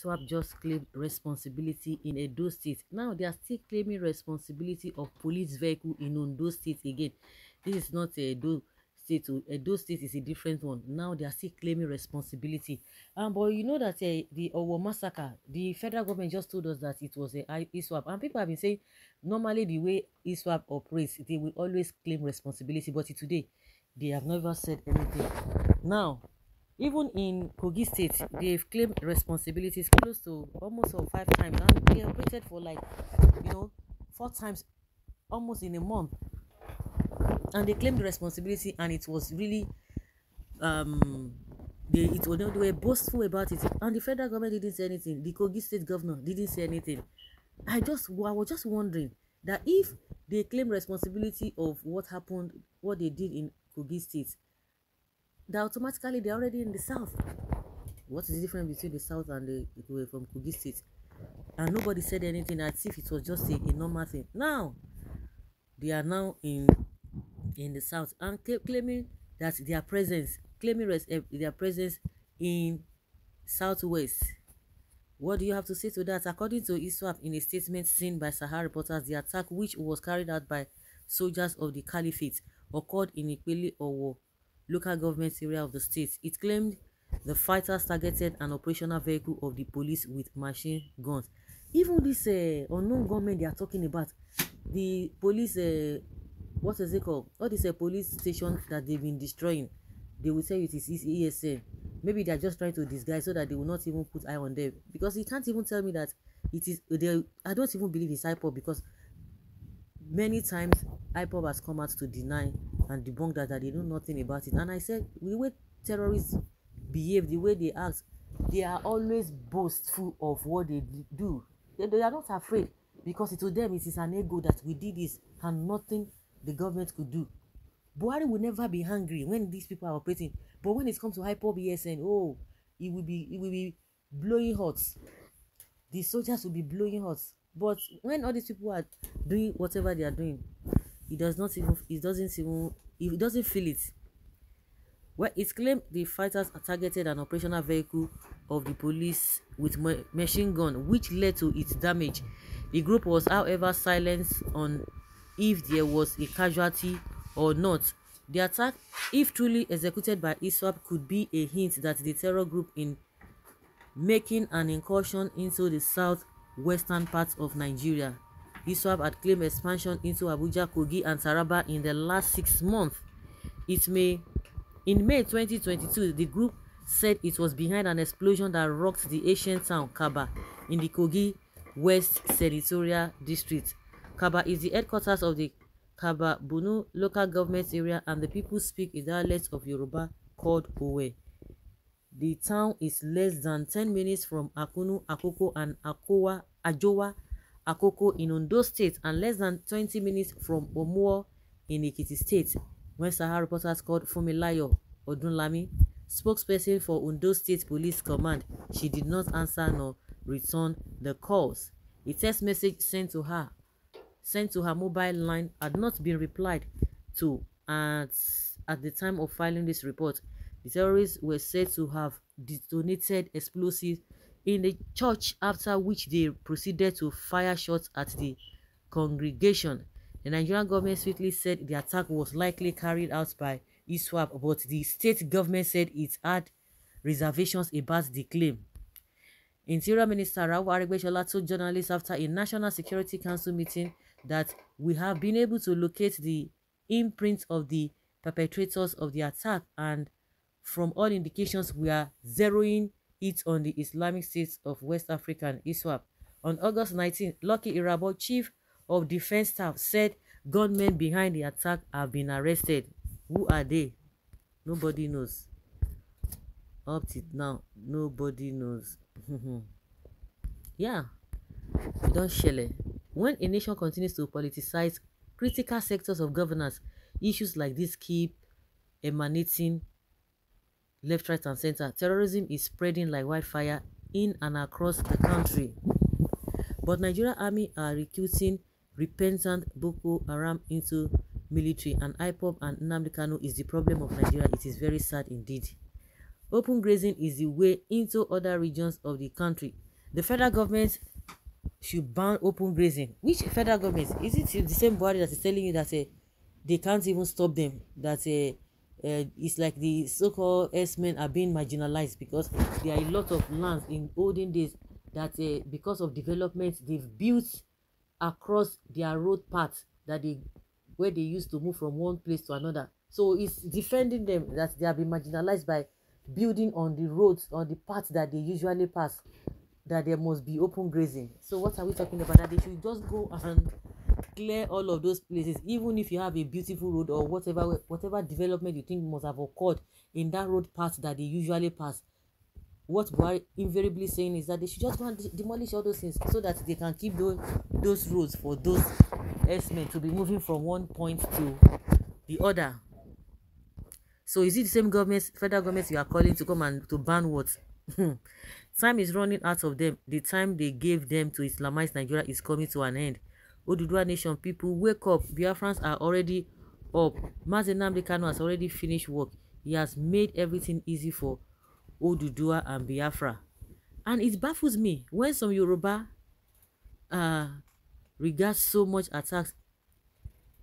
ISWAP just claimed responsibility in Edo State. Now they are still claiming responsibility of police vehicle in Ondo State again. This is not a Edo State. Oh. Edo State is a different one. Now they are still claiming responsibility. Um, but you know that uh, the Owo massacre, the federal government just told us that it was a ISWAP. And people have been saying normally the way ISWAP operates, they will always claim responsibility. But today, they have never said anything. Now, even in kogi state they've claimed responsibilities close to almost five times and they operated for like you know four times almost in a month and they claimed responsibility and it was really um they it was they were boastful about it and the federal government didn't say anything the kogi state governor didn't say anything i just i was just wondering that if they claim responsibility of what happened what they did in kogi state they automatically they're already in the south. What is the difference between the south and the people uh, from Kogi State? And nobody said anything as if it was just a, a normal thing. Now they are now in in the south and claiming that their presence, claiming res- eh, their presence in southwest. What do you have to say to that? According to ISWAP, in a statement seen by Sahara reporters, the attack, which was carried out by soldiers of the Caliphate, occurred in Ipele war. local government area of the state. It claimed the fighters targeted an operational vehicle of the police with machine guns. Even this uh, unknown government they are talking about, the police, uh, what is it called? What is a police station that they've been destroying? They will tell you it is ESN. Maybe they are just trying to disguise so that they will not even put eye on them because you can't even tell me that it is. They, I don't even believe it's IPOB because many times IPOB has come out to deny and debunk that, that they know nothing about it. And I said, the way terrorists behave, the way they act, they are always boastful of what they do. They, they are not afraid because to them it is an ego that we did this and nothing the government could do. Buhari will never be angry when these people are operating. But when it comes to hyper BSN, oh, it will be it will be blowing hot. The soldiers will be blowing hot. But when all these people are doing whatever they are doing, He does not even it doesn't even he doesn't feel it. Well, it's claimed the fighters targeted an operational vehicle of the police with machine gun, which led to its damage. The group was, however, silent on if there was a casualty or not. The attack, if truly executed by ISWAP, could be a hint that the terror group in making an incursion into the southwestern part of Nigeria. ISWAP had claimed expansion into Abuja, Kogi, and Taraba in the last six months. It may, in May 2022, the group said it was behind an explosion that rocked the ancient town Kaba in the Kogi West Senatorial District. Kaba is the headquarters of the Kaba Bunu local government area and the people speak a dialect of Yoruba called Owe. The town is less than 10 minutes from Akunu, Akoko, and Akowa, Ajowa Akoko in Ondo State and less than 20 minutes from Omuo in Ekiti State, when Sahara reporters called Fumilayo Odunlami, spokesperson for Ondo State Police Command, she did not answer nor return the calls. A text message sent to her sent to her mobile line had not been replied to at, at the time of filing this report. The terrorists were said to have detonated explosives in the church after which they proceeded to fire shots at the congregation. The Nigerian government swiftly said the attack was likely carried out by ISWAP, but the state government said it had reservations about the claim. Interior Minister Rawu Aregbesola told journalists after a National Security Council meeting that we have been able to locate the imprint of the perpetrators of the attack and from all indications we are zeroing hit on the Islamic states of West Africa and ISWAP. On August 19, Lucky Irabo, chief of defense staff, said gunmen behind the attack have been arrested. Who are they? Nobody knows. Up to now, nobody knows. yeah, we don shele. When a nation continues to politicize critical sectors of governance, issues like this keep emanating left, right, and center. Terrorism is spreading like wildfire in and across the country. But Nigeria Army are recruiting repentant Boko Haram into military and IPOP and Namdekano is the problem of Nigeria. It is very sad indeed. Open grazing is the way into other regions of the country. The federal government should ban open grazing. Which federal government? Is it the same body that is telling you that uh, they can't even stop them? That uh, uh, it's like the so-called s-men are being marginalized because there are a lot of lands in olden days that uh, because of development they've built across their road path that they where they used to move from one place to another so it's defending them that they have been marginalized by building on the roads on the path that they usually pass that there must be open grazing so what are we talking about that they should just go and clear all of those places even if you have a beautiful road or whatever whatever development you think must have occurred in that road path that they usually pass what we are invariably saying is that they should just go and demolish all those things so that they can keep those those roads for those S-men to be moving from one point to the other. So is it the same governments, federal governments you are calling to come and to ban what? Hmm. time is running out of them. The time they gave them to Islamize Nigeria is coming to an end. Odudua Nation people, wake up. Biafrans are already up. Mazen Nnamdi Kanu has already finished work. He has made everything easy for Odudua and Biafra. And it baffles me when some Yoruba uh, regard so much attacks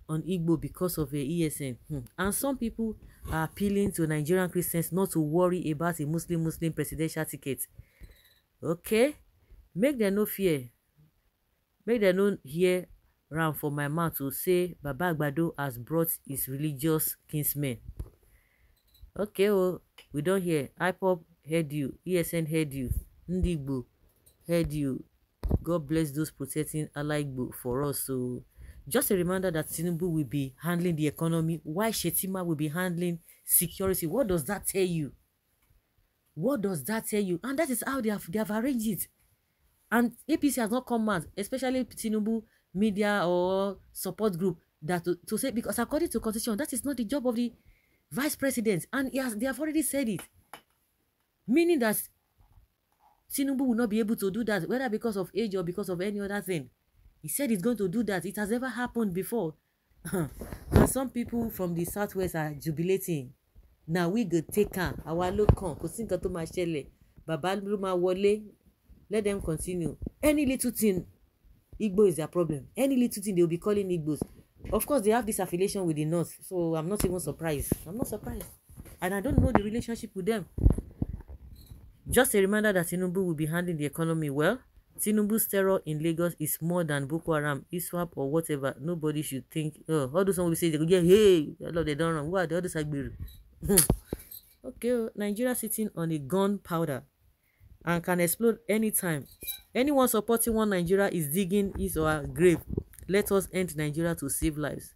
on Igbo because of the ESN. Hmm. And some people are appealing to Nigerian Christians not to worry about a Muslim Muslim presidential ticket. Okay? Make them no fear. Make them no hear ram for my mouth o say baba agbado has brought his religious kinsmen okay o oh, we don hear ipob heard you esn heard you ndị heard you god bless those protecting ala for us o oh. just a reminder that tinubu will be handling the economy while shetima will be handling security what does that tell you what does that tell you and that is how they have they have arranged it and apc has not come out especially tinubu media or support group that to, to say because according to constitution that is not the job of the vice president and yes they have already said it meaning that tinubu will not be able to do that whether because of age or because of any other thing he said he's going to do that it has never happened before and some people from the southwest are jubilating na we go take am Our ló kàn kò sí nǹkan tó máa ṣẹlẹ̀ bàbá wọlé let them continue any little thing Igbo is their problem. Any little thing they will be calling Igbos. Of course, they have this affiliation with the North, so I'm not even surprised. I'm not surprised. And I don't know the relationship with them. Just a reminder that Tinubu will be handling the economy well. Tinubu's terror in Lagos is more than Boko Haram, ISWAP, or whatever. Nobody should think. Oh, all those people say they go, yeah, hey, I love they don. run. are the others are hmm. Okay, oh, Nigeria sitting on a gunpowder and can explode anytime. Anyone supporting one Nigeria is digging his or her grave. Let us end Nigeria to save lives.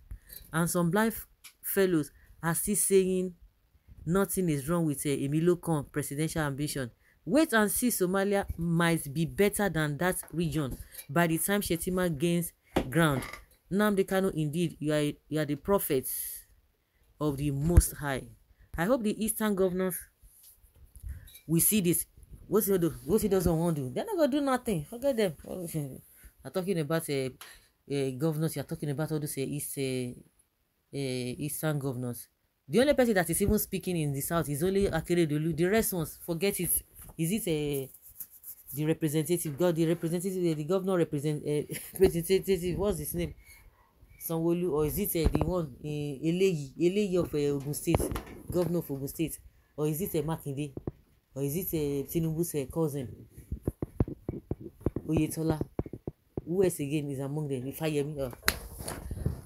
And some blind fellows are still saying nothing is wrong with uh, eh, Emilio Khan presidential ambition. Wait and see Somalia might be better than that region by the time Shetima gains ground. Nnamdi Kanu, indeed, you are, you are the prophet of the Most High. I hope the Eastern governors will see this what you do what you doesn't want do they're not gonna do nothing forget them i'm talking about uh, uh, governors you're talking about all those uh, east uh, uh, eastern governors the only person that is even speaking in the south is only akeredolu the rest ones forget it is it uh, the representative god the representative uh, the governor represent uh, representative what's his name sanwoolu or is it uh, the one uh, eleyi eleyi of uh, state governor of ogun state or is it uh, makinde or is it uh, Tinubu's a cousin, Oyetola? Who else again is among them? If I am oh.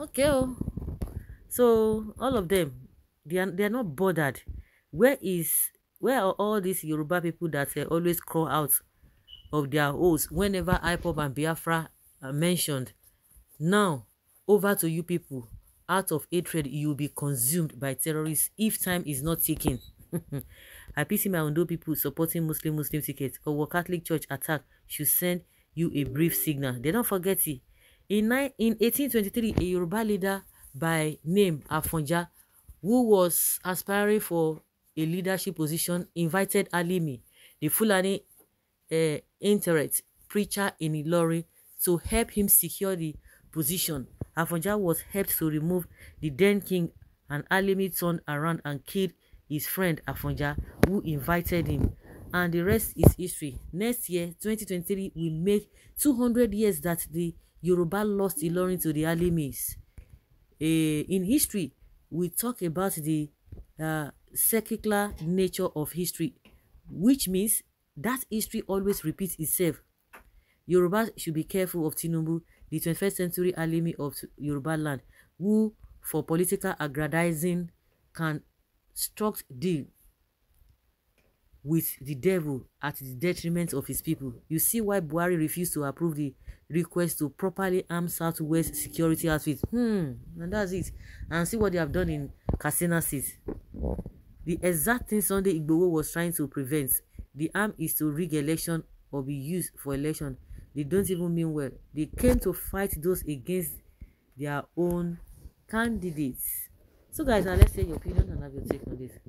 okay, oh. so all of them, they are they are not bothered. Where is where are all these Yoruba people that uh, always crawl out of their holes whenever IPOB and Biafra are mentioned? Now, over to you people. Out of hatred, you will be consumed by terrorists if time is not taken. IPC my Undo people supporting Muslim Muslim tickets or were Catholic Church attack should send you a brief signal. They don't forget it. In, in 1823, a Yoruba leader by name Afonja, who was aspiring for a leadership position, invited Alimi, the Fulani uh, interest preacher in Ilori, to help him secure the position. Afonja was helped to remove the then king and Alimi turned around and killed his friend Afonja who invited him and the rest is history. Next year 2023 will make 200 years that the Yoruba lost Ilorin to the Alimis. Uh, eh, in history we talk about the uh, circular nature of history which means that history always repeats itself. Yoruba should be careful of Tinubu, the 21st century alimi of Yoruba land, who for political aggrandizing can struck deal with the devil at the detriment of his people. You see why Buhari refused to approve the request to properly arm Southwest security outfits. Hmm, and that's it. And see what they have done in Katsina State. The exact thing Sunday Igboho was trying to prevent. The arm is to rig election or be used for election. They don't even mean well. They came to fight those against their own candidates. So guys, now let's say your opinion and have your take on this.